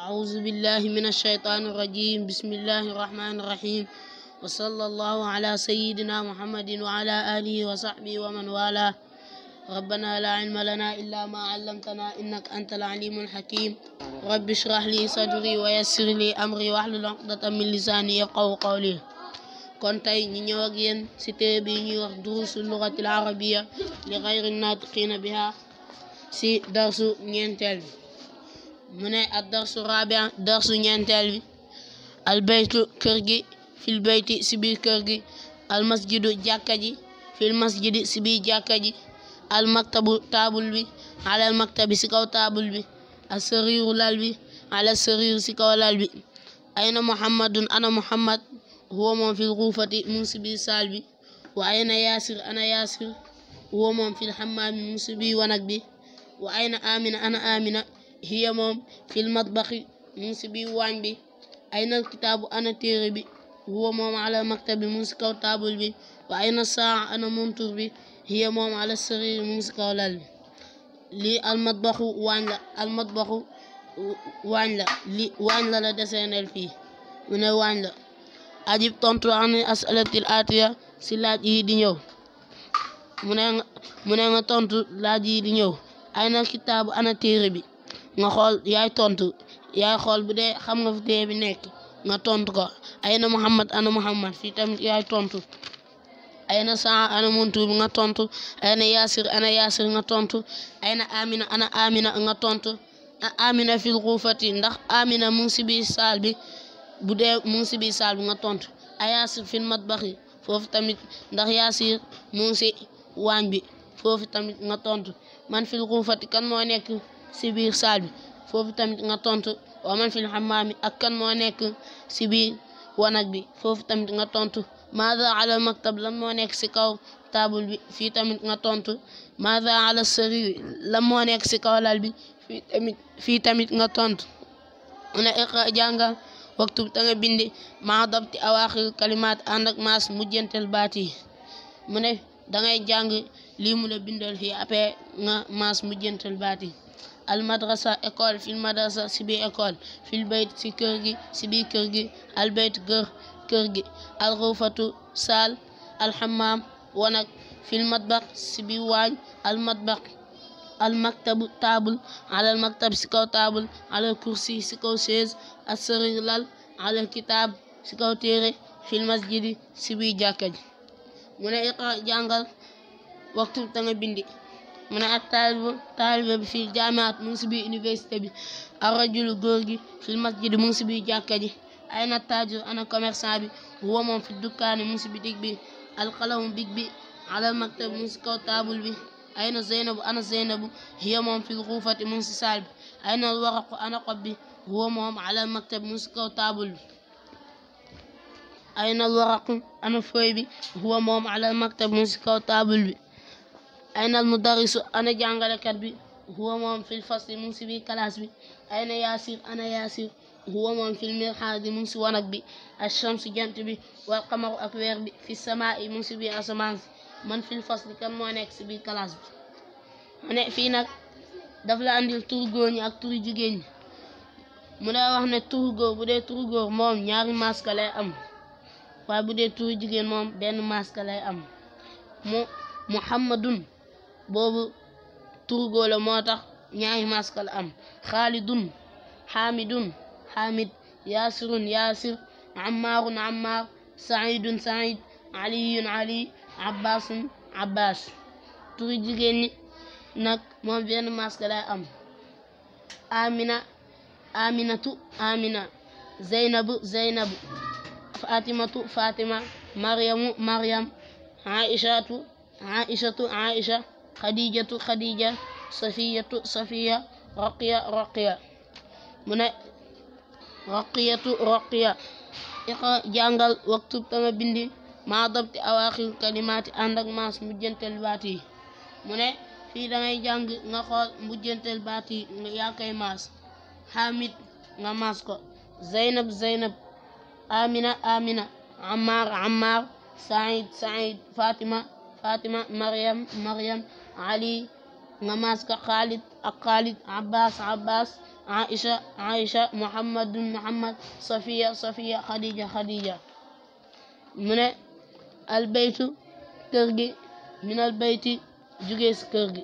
أعوذ بالله من الشيطان الرجيم بسم الله الرحمن الرحيم وصلى الله على سيدنا محمد وعلى آله وصحبه ومن والاه ربنا لا علم لنا إلا ما علمتنا إنك أنت العليم الحكيم رب اشرح لي صدري ويسر لي أمري واحلل عقدة من لساني يفقهوا قولي kon tey ñu ñëw ak yéen ci téere bi ñuy wax durusu lughati al arabiyya li ghayri naatiqiina biha ci darsu ñeenteel bi mu ne ad darsu rabia darsu ñeenteel bi albaytu kër gi fil bayti si biir kër gi almasjidu jàkka ji fil masjidi si biir jàkka ji almaktabu taabul bi alal maktabi si kaw taabul bi asariiru lal bi ala sariiru si kaw lal bi ayna muhammadun ana muhammad huwa moom fil xuufati mu ngi si biir sal bi wa ayna yaasir ana yaasir huwa moom fil xammaami mu ngi si bi wa ayna amina ana amina hiya moom fil matbaxi mu biir waañ bi ay na kitaabu ana téere bi huwa moom ala maktabi mu ngi taabul bi wa na saa bi hiya moom ala sariir mu ngi si waañ la almatbaxu waañ la li la la mu ne waañ la ajib tontu an asalatil atiya si laaj yi di ñëw mu ne tontu laaj yi di ñëw ay na ana téere bi nga xool yaay tontu yaay xool bu dee xam nga fu dee bi nekk nga tontu ko ay na Muhammad ana Muhammad fii tamit yaay tontu ay na saa ana Muntubi nga tontu ay na Yaasir ana Yaasir nga tontu ay na Amina ana Amina nga tontu Amina fil xuufati ndax Amina mu ngi si biir saal bi bu dee mu ngi si biir saal bi nga tontu a Yaasir fil matbaxi foofu tamit ndax Yaasir mu si waañ bi foofu tamit nga tontu man fil xuufati kan moo nekk. si biir saal bi foofu tamit nga tontu wa man fil xamaam ak kan moo nekk si biir wanag bi foofu tamit nga tontu maada ala maktab lan moo nekk si kaw taabul bi fii tamit nga tontu maada ala sarir lan moo nekk si kaw bi tamit nga tontu mujjantel baat yi mu ne dangay jàng lii mu la bindal fii après nga maas mujjantel baat yi almadrasa école fil madrasa si biir école fil bayt si kër gi ci biir kër gi albayt gër kër gi alxufatu saal alxamaam wanag fil matbax si biir waañ almatbax almaktabu taabul alal maktab kaw taabul alal kursi si kaw chaise lal alal téere fil masjidi si biir jàkka ji mu ne iqra jàngal waxtu ta nga bindi mu ne ak taaliba taaliba bi fii jaamaat mu ngi si biir université bi ak rajulu góor ana commerçant bi woo moom fi dukkaani mu ngi si bitig bi alqalamu big bi alal maktab mu kaw taabul bi ay na ana zeynabu hiya moom fil xuufati mu ngi si saal bi ana xob bi woo moom alal maktab mu kaw taabul bi ayna al mudarrisu ana jàngalekat bi huwa moom fil fasli mu si biir kalaas bi ayna yaasir ana yaasir huwa moom fil mirxaadi mu si wanag bi achamsu jant bi wal qamaru ak weer bi fi samaa'i mu ngi si biir asamaan si man fil fasli kan moo nekk si biir kalaas bi mu ne fii nag daf la andil tur góor ñi ak tur jigéen ñi mu lay wax ne tur góor bu dee tur góor moom ñaari maska lay am waaye bu dee tur jigéen moom benn maska lay am mu muhammadun boobu turgoo la moo tax ñaari maska la am xaalidun xaamidun xaamid yaasirun yaasir ammaarun ammaar saidun said aliyun ali abbaasun abbaas turu jigéen nag moom benn maska am amina aminatu amina zeynabu zeynabu fatimatu fatima maryamu maryam aishatu aishatu aisha xadijatu xadija safiyatu safiya raqiya raqiya mu ne raqiyatu raqiya iqa jàngal waktub tama bindi maa dabti awaaxir kalimaati ànd ak maas mujjantel baat yi mu ne fii dangay jàng nga xool mujjantel baat yi yaa koy maas xamid nga maas ko zaynab zaynab amina amina ammar ammar said said fatima fatima maryam maryam ali namaas ka xaalid ak xaalid abbas abbas aisha aisha muhammadun muhammad safiya safiya xadija xadija mu ne albaytu kër gi min albayti jugee si kër gi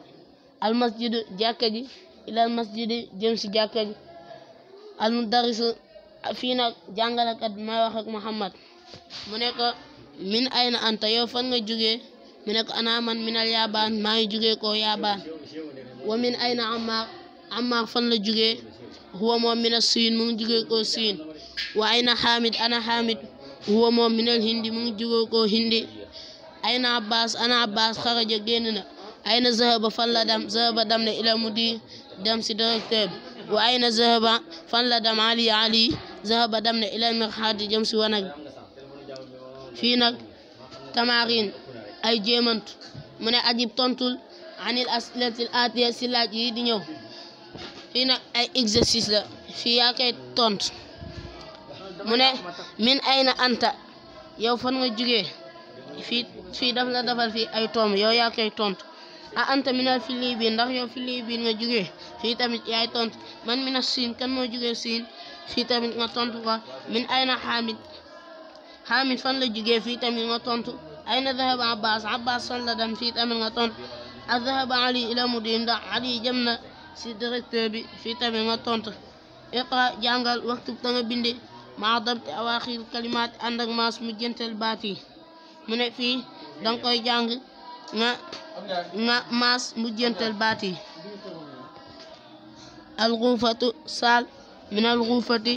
almasjidu jàkka ji ila almasjidi jëm si jàkka ji almudarris fii nag jàngalekat may wax ak muhammad mu ne min ayna anta yow fan nga jugee mu ne ko minal yaabaan maa ngi jugee yaabaan wa min ayna Ammaar Ammaar fan la jugee huwa moom minal siin mu ngi jugee siin wa ayna Xaamid ana Xaamid huwa moom minal hindi mu ngi jugee hindi ayna Abbaas ana Abbaas xaraja génn ayna Zahaba fan la dem Zahaba dem na ila mudi dem directeur wa ayna Zahaba fan la dem Ali Ali Zahaba dem na ila mirxaadi jëm si wanag fii nag tamarin ay jéemantu mu ne ajib tontul anil asilatil atiya si laaj yii di ñëw fii nag ay exercice la fii yaa koy tontu mu ne min ayna anta yow fan nga jugee fii fii daf la dafal fii ay tomb yow yaa koy tontu a anta minal Philippines ndax yow Philippines nga jugee fii tamit yaay tontu man mina siin kan moo jugee siin fii tamit nga tontu ko min ayna xaamit xaamit fan la jugee fii tamit nga tontu ay dhahaba abbas abbas son la dem fii tamit nga tont ak dhahaba ali ila mudin ndax ali jëm na si directeur bi fii tamit nga tont iqra jàngal waktub ta nga binde maa dabti awaaxir kalimaat ànd ak maas mu jëntal baat yi mu ne fii danga koy jàng nga baat yi alxuufatu saal min alxuufati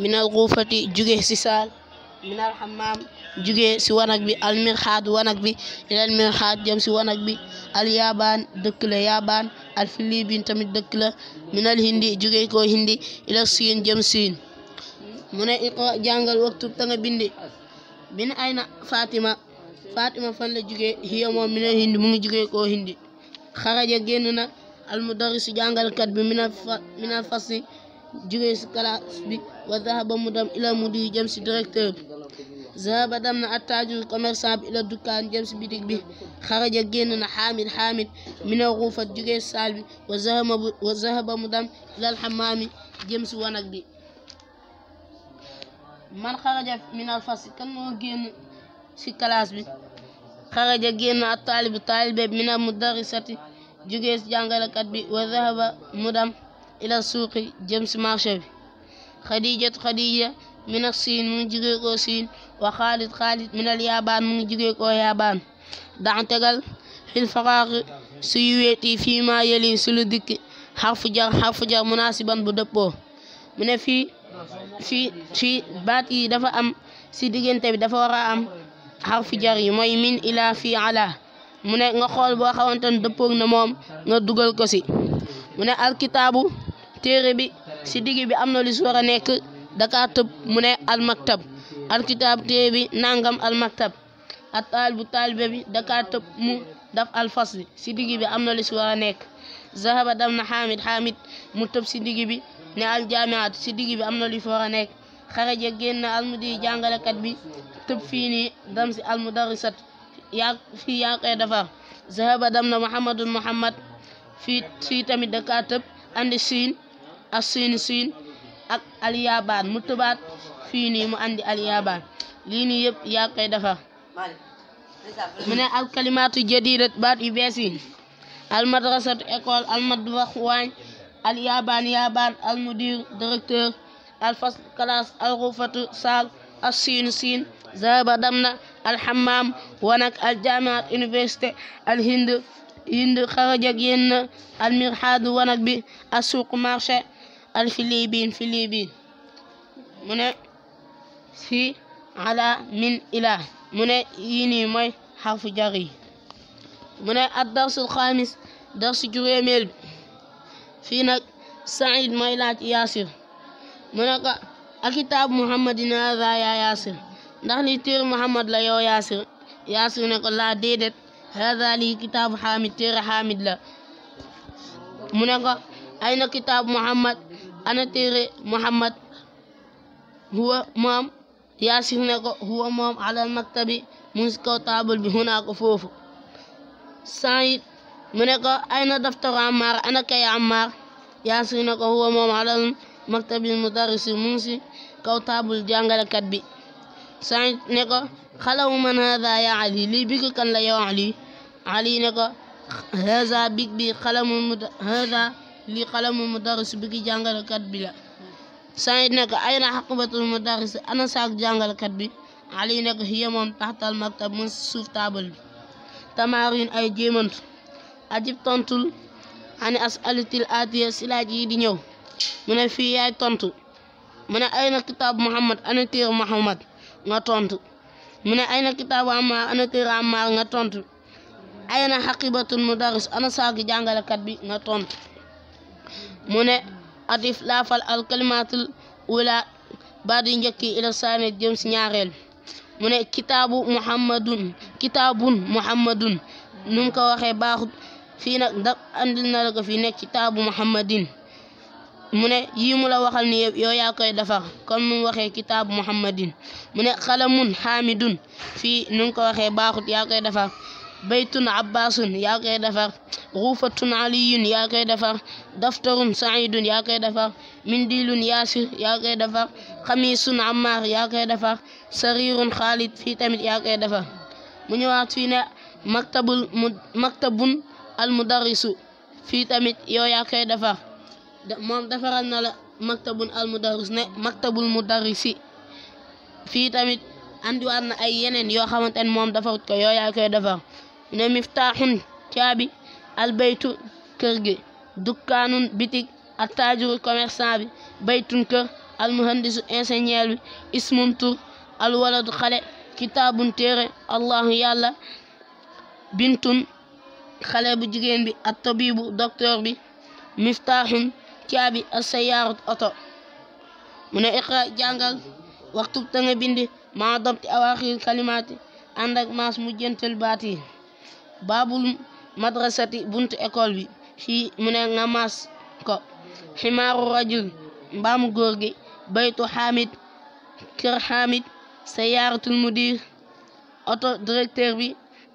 min alxuufati si saal minal xamaam jugee si wanag bi al mirxaad wanag bi jëm si wanag bi al yaabaan dëkk la yaabaan al filibin tamit dëkk la minal hindi jugee ko hindi ila siin jëm siin mu ne iqra jàngal waktub ta nga bindi bin ayna fatima fatima fan la jugee hiya moom minal hindi mu ngi jugee ko hindi xaraja génn na al mudarris jàngalkat bi minal fasli jóge si classe bi wa zahaba mu ila mudi jëm si bi zahaba dem na attaajur commerçant bi ila dukkaan jëm si bi xaraja génn na xaamid xaamid mina ruufat jóge si bi wa zahaba mu ila alxamaami jëm si bi man xaraja min alfasi kan moo génn bi xaraja génn at taalibu taalibe mina mudarisati jóge si bi wa zahaba mu ila suuqi jëm si marché bi xadijatu xadija min a siin mu ngi jugee koo siin wa xaalit xaalit min al yaabaan mu ngi jugee koo yaabaan daan tegal xil faraaqi suyu weeti fii ma yeli su lu dikki xarfu jar xarfu jar munaasiban bu dëppoo mu ne fii fii fii baat yi dafa am si diggante bi dafa war a am xarfu jar yi mooy min ila fii ala mu ne nga xool boo xawantan dëppoog na moom nga dugal ko si mu ne téere bi si digg bi am na lu si war a nekk dakaa tëb mu ne almaktab alkitab téere bi nangam almaktab ak taalibu taalibe bi dakaa tëb mu daf alfasli si digg bi am na lu si war a nekk zahaba dam na xaamid xaamid mu tëb si digg bi ne aljaamiat si digg bi am na lu si war a nekk xaraja génn almudi jàngalekat bi tëb fii nii dam si almudarrisat yaa fii defar zahaba dam na muhammadun muhammad fii fii tamit dakaa tëb andi siin ak siin siin ak aliyabaan mu tëbaat fii mu andi aliyabaan lii nii yëpp yaa koy defar mu ne alkalimaatu jadidat baat yu bees yi almadrasatu école almadrax waañ alyabaan yabaan almudir directeur alfas classe alxufatu saal alsiin siin zaba dam na alxammaam wanak aljamiat université alhind hind xarajak yenn almirhaadu wanak bi asuq marché alfilibiin filibiin mu ne fi ala min ila mu ne yii nii mooy xarfu jar yi mu ne ad darsul xaamis darsu juróomeel bi nag said yaasir mu ne ko akitaab muhammadin hada yaasir ndax li téer muhammad la yow yaasir yaasir ne ko laa déedéet hada lii kitaabu xaamid téere xaamid la mu ne ko ay na ana téere Muhammad huwa moom yaasif ne ko huwa moom alal maktabi mu ngi si kaw taabal bi hunaa ko foofu Saïd mu ne ko ayna daftaru Ammaar ana kay Ammaar yaasif ne ko huwa moom alal maktabi mudarrisi mu ngi si kaw taabal jàngalekat bi Saïd ne ko xalawu man hada ya Ali lii bi kan la yow Ali Ali ne ko hada big bi xalamu hada lii xalamu mudarris bi ki jàngalekat bi la Saïd nekk ayna xaqibatul mudarris ana saak jàngalekat bi Ali nekk ay jéemantu ajib tontul ani di ñëw mu ne fii mu ne ana téere Muhammad nga tontu mu ne ayna tontu ayna xaqibatul mudarris ana jàngalekat bi nga tontu mu ne adif laafal al ula baat yu njëkk yi ila saani jëm si ñaareel mu ne kitaabu muhammadun kitaabun muhammadun nu mu ko waxee baaxut fii nag da andil na la ko fii nekk kitaabu muhammadin mu ne yii mu la waxal ni yëpp yaa koy defar comme nu mu waxee kitaabu muhammadin mu ne xalamun xaamidun fii nu mu ko waxee baaxut yaa koy defar baytun abbaasun yaa koy defar ruufatun aliyun yakoy koy defar daftarun saidun yaa koy defar mindilun yaasir yaa koy defar xamisun ammaar yaa defar sarirun xaalid fii tamit yaa koy defar mu ñëwaat fii ne maktabul maktabun al mudarrisu fii tamit yow yaa koy defar moom defaral na la maktabun al mudarris ne maktabul mudarrisi fii tamit andiwaan na ay yeneen yoo xamante ne moom defarut ko yow yaa defar ne miftaaxun caabi albaytu kër gi dukkaanun bitig attaajuru commerçant bi baytun kër almuhandisu ingénieur bi ismun tur alwaladu xale kitaabun téere allahu yàlla bintun xale bu jigéen bi at tabibu docteur bi miftaaxun caabi assayaarut oto mu ne jàngal waxtu te nga bindi maa dobti awaaxir kalimaati ànd ak maas mujjantal baat yi baabul madrasati buntu école bi fii mu ne nga mas ko ximaaru rajul mbaamu góor gi baytu xaamid kër xaamid sayaaratul mudir oto directeur bi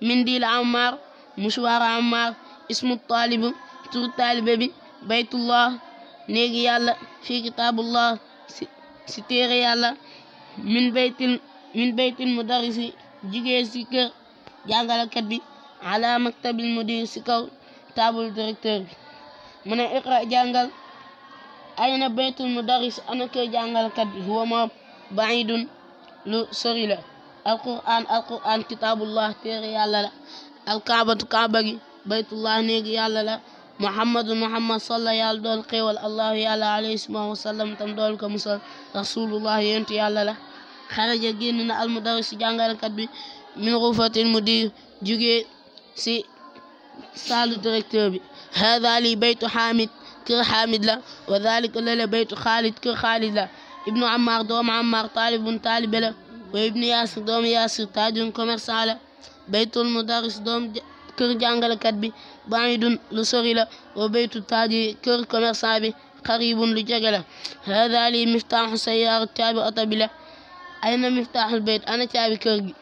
mindil ammar musuwaar ammar ismu taalibu tur taalibe bi baytullah néegi yàlla fii kitaabullah si téere yàlla min baytil min baytil mudarrisi jigee si kër bi ala maktabil mudir si kaw table directeur bi mu ne iqra jàngal ayna baytul mudarris ana kër jàngalkat bi huwa moom baidun lu sori la alquran alquran kitaabullah téere yàlla la alkaabatu kaaba gi baytullah néegi yàlla la muhammadu muhammad salla yàlla dool xéewal allahu yàlla alayhi subhanahu wa sallam tam dool ko musal rasulullah yentu yàlla la xaraja génn na almudarris jàngalkat bi min rufatil mudir jugee si saalu directeur bi hada li baytu xaamid kër xaamid la wa dalika lale baytu xaalid kër xaalid la ibnu amar doomu amar taalibun taalibe la wa ibnu yaasir doomu yaasir taajun commerçant la baytul mudaris doom kër jàngalekat bi baidun lu sori la wa baytu taaji kër commerçant bi qaribun lu jege la hada li miftaaxu sayaaru caabi oto bi la ayna miftaaxul bayt ana caabi kër gi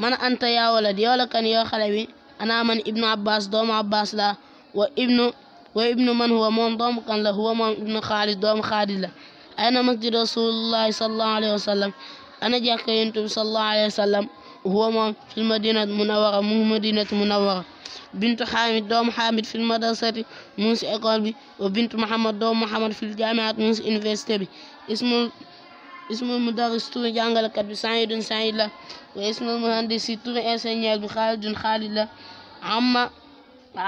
man anta yaa walad yow la kan yoo xale bi ana man ibnu abbas doomu abbas la wa ibnu wa ibnu man huwa moom doomu kan la huwa moom ibnu xaalid doomu xaalid la ana masjid rasulullahi sallallahu alayhi wa sallam ana jàkka yonent bi sallallahu alayhi wa sallam huwa moom fil madinati munawara mu ngi madinati munawara bintu xaamid doomu xaamid fil madrasati mu ngi si école bi wa bintu muhammad doomu muhammad fil jaamiat mu ngi si université bi ismul ismul mudarris turu jàngalekat bi saidun said la wa ismul muhandisi turu ingénieur bi xaalidun xaalid la amma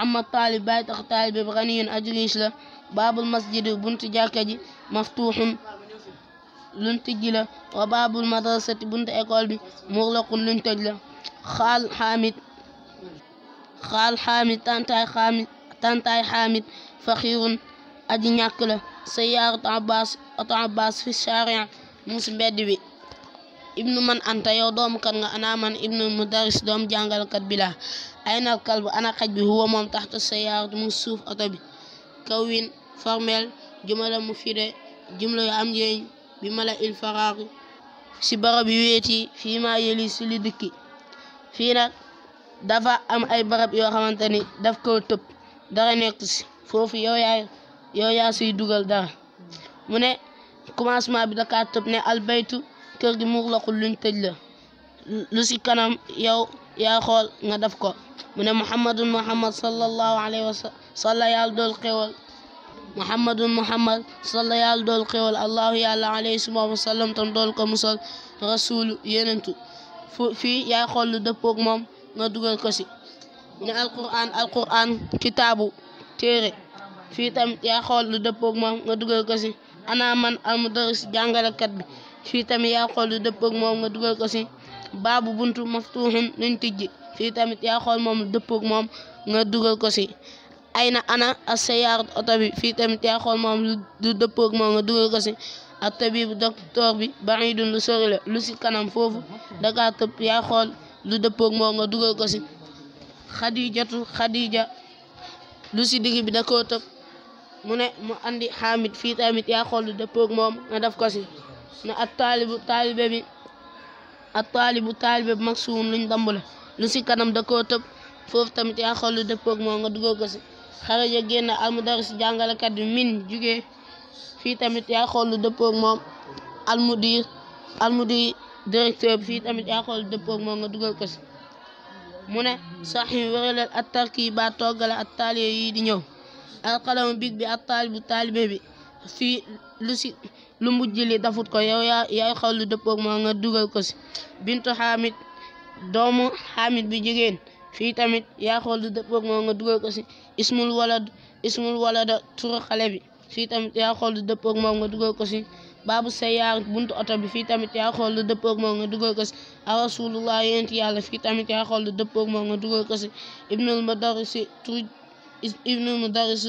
amma taalib bàyyi tax taalib bi ganiyun ajrish la baabul masjid buntu jàkka ji maftuuxun luñ tijji la wa baabul madrasati buntu école bi muxlaqun luñ tëj la xaal xaamid xaal xaamid tantaay xaamid tantaay xaamid faqiirun aji ñàkk la sayaarat abbas oto abbas fi sharia mu ngi si mbedd bi ibnu man anta yow doomu kan nga ana man ibnu mudaris doom jàngalkat bi laa aynal kalbu ana xaj bi huwa moom taxta sayyaarati mu suuf oto bi kawin formel jumla mufide jumla yu am njëriñ bi mala il faraari si barab yu wéeti fii maa yëli si li dikki fii nag dafa am ay barab yoo xamante ni daf koo tëb dara nekk si foofu yow yaay yow yaa siy dugal dara mu ne commencement bi dakaa tëb ne albaytu kër gi muxlaqul luñ tëj la lu si kanam yow ya xool nga def ko mu ne muhammadun muhammad sallallahu alayhi wa salla yàlla dool xéwal muhammadun muhammad salla yàlla dool xéwal allahu yàlla alayhi suma wa sallam tam dool ko musal rasulu yenentu fu fii yaa lu dëppoog moom nga dugal ko si mu ne alquran alquran kitaabu téere fii tam yaa xool lu dëppoog moom nga dugal ko ana man almudarris jàngalekat bi fii tamit yaa xool lu dëppoog moom nga dugal ko si baabu buntu maftuuxun luñ tijji fii tamit yaa xool moom lu moom nga dugal ko si ayna ana as-sayyaara oto bi fii tamit yaa xool moom lu dëpp ak moom nga dugal ko si at-tabiibu docteur bi ba'iidun lu sori lu si kanam foofu dakaa tëb yaa xool lu dëpp ak moom nga dugal ko si xadiijatu lu si digg bi dakoo tëb mu ne mu andi xaamit fii tamit yaa xool lu dëppoog moom nga def ko si ne at taalibu taalibe bi at taalibu taalibe bi maksuum luñ dambule lu si kanam da koo tëb foofu tamit ya xool lu dëppoog moom nga duggoo ko si xaraja génn almudaris jàngalekat bi min jugee fii tamit yaa xool lu dëppoog moom almudir almudir directeur bi fii tamit yaa moom nga dugal ko mu ne sax yi wëraleel at tarki ba toggale at yi di ñëw alqalamu big bi ak taalibu taalibe bi fii lu si lu mujj li dafut ko yow yaa yaay xool lu dëppoog moo nga dugal ko si bintu xaamit doomu xaamit bi jigéen fii tamit yaa xool lu dëppoog moo nga dugal ko si ismul walad ismul xale bi fii tamit yaa xool lu dëppoog moom nga dugal ko si baabu sayaar buntu oto bi fii tamit yaa xool lu dëppoog moom nga dugal ko si a yàlla fii tamit yaa xool lu nga dugal si ibnul ibnu mudarris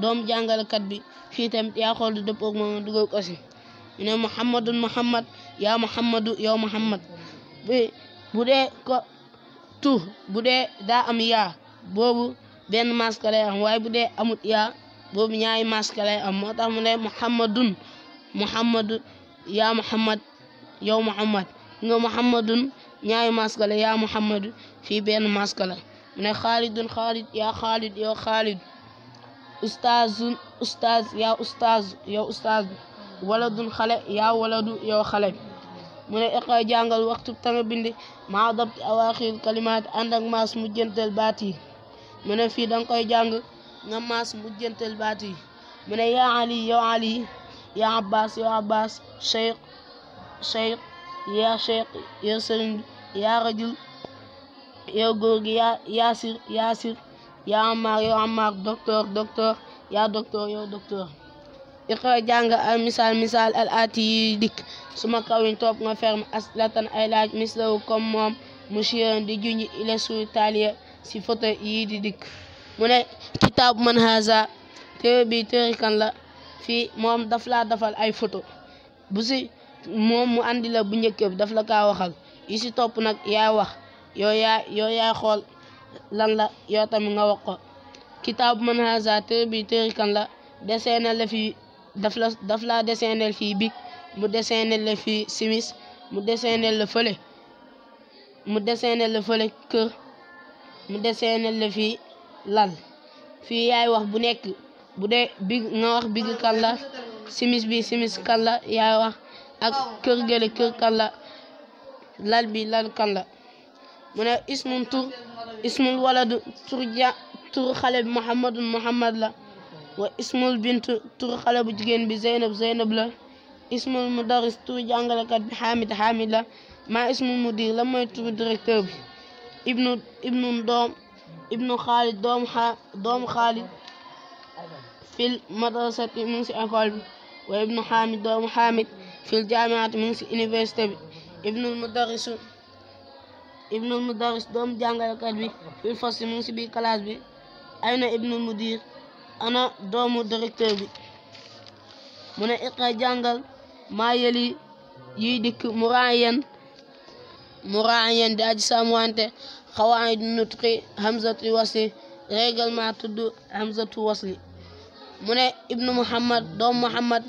doom jàngalekat bi fii tamit yaa xool di dëppoog moom dugal ko si ñu ne muhammadun muhammad yaa muhammadu yow muhammad bi bu dee ko tu bu dee daa am yaa boobu benn maska lay am waaye bu dee amut yaa boobu ñaari maska lay am moo tax mu ne muhammadun muhammadu yaa muhammad yow muhammad nga muhammadun ñaari maska la yaa fii benn maska mu xaalidun xaalid yaa xaalid yow xaalid ustaazun ustaaz yaa ustaaz yow ustaaz waladun xale yaa waladu yow xale mu ne jàngal waxtu ta nga bind maa kalimaat ànd ak maas mujjantal baat yi fii danga koy jàng nga maas yaa ali yow ali yaa abbas yow abbas cheikh cheikh yaa cheikh yaa rajul yow góor gi yaa yaasir yaasir yaa amaar yow amaar docteur docteur yaa docteur yow docteur iqra jàng al misaal misaal al aati yi dikk suma kawin topp nga ferme latan ay laaj mislawu comme moom monsieur di junj ile su taaliya si photo yi di dikk mu ne kitaab man haza téere bi téere kan la fii moom daf laa dafal ay photo bu si moom mu andi la bu njëkk bi daf la kaa waxal yi si topp nag yaa wax yoo yaa xool lan la yoo tamit nga wax ko kitaabu man haza téere bi téere kan la deseenal la fii daf la daf laa deseenal fii big mu deseenal la fii simis mu deseenal la fële mu deseenal la fële kër mu deseenal la fii lal fii yaay wax bu nekk bu dee nga wax big kan simis bi simis kan la yaay wax ak kër gële kër kan lal bi lal kan mu ne ismun tur ismul waladu tur ja tur xale bi muhammadun muhammad la wa ismul bintu tur xale bu jigéen bi zeynab zeynab la ismul mudaris tur jàngalekat bi xaamid xaamid la maa ismul mudir la mooy tur directeur bi ibnu ibnu doom ibnu xaalid doom xa doomu xaalid fil madrasati mu ngi si école bi wa ibnu xaamid doomu xaamid fil jaamiati mu ngi si université bi ibnul mudarisu ibnul mudarris doomu jàngalekat bi fil fasli mu ngi si biir classe bi ayna mudir ana doomu directeur bi mu ne iqra jàngal maa yëli yiy dikk muraayan muraayan di aji saamuwante xawaid nutqi hamzatu wasli règlement tudd hamzatu wasli mu ne ibnu muhammad doomu muhammad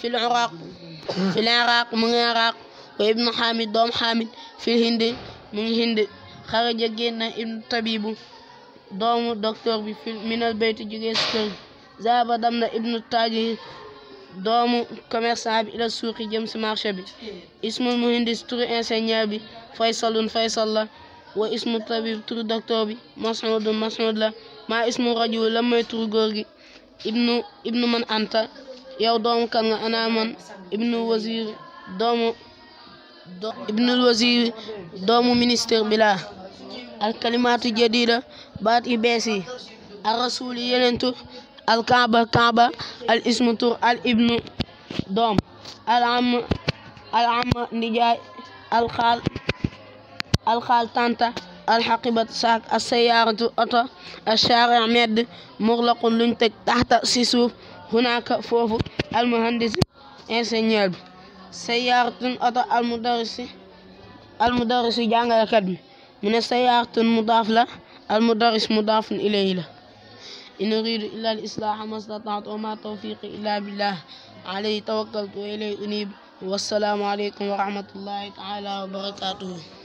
fil iraq mu ngi iraq wa ibnu hamid doomu hamid fil hindi mu ngi hind xaraja génn ibnu tabibu doomu docteur bi fi minal bayti jógee si kër zaaba dem na ibnu taajir doomu commerçant bi ila suuqi jëm si marché bi ismul muhindis turu ingénieur bi faysalun faysal la wa ismu tabib turu docteur bi masudun masud la maa ismu rajul la may turu ibnu ibnu man anta yow doomu kan nga ana man ibnu wazir doomu ibnul wazir doomu ministre bi la alkalimaatu jadida baat i bees yi arrasul yenentu alkaaba kaaba al ismu tur al ibnu doom alam alam ndijaay alxaal alxaal tanta alxaqibat saak assayaaratu oto ashaari medd muxlaqun luñ teg taxta si suuf hunaka foofu almuhandis ingénieur bi sayaaratun oto almudarrisi almudarrisi jàngalekat bi mu ne sayaaratun mudaaf la almudarris mudaafun ilayhi la in uridu illa al islaaha mastata'tu wa ma tawfiqi illa billah alayhi tawakkaltu wa ilayhi unib wassalaamu aleykum wa rahmatullahi taala wa barakatuhu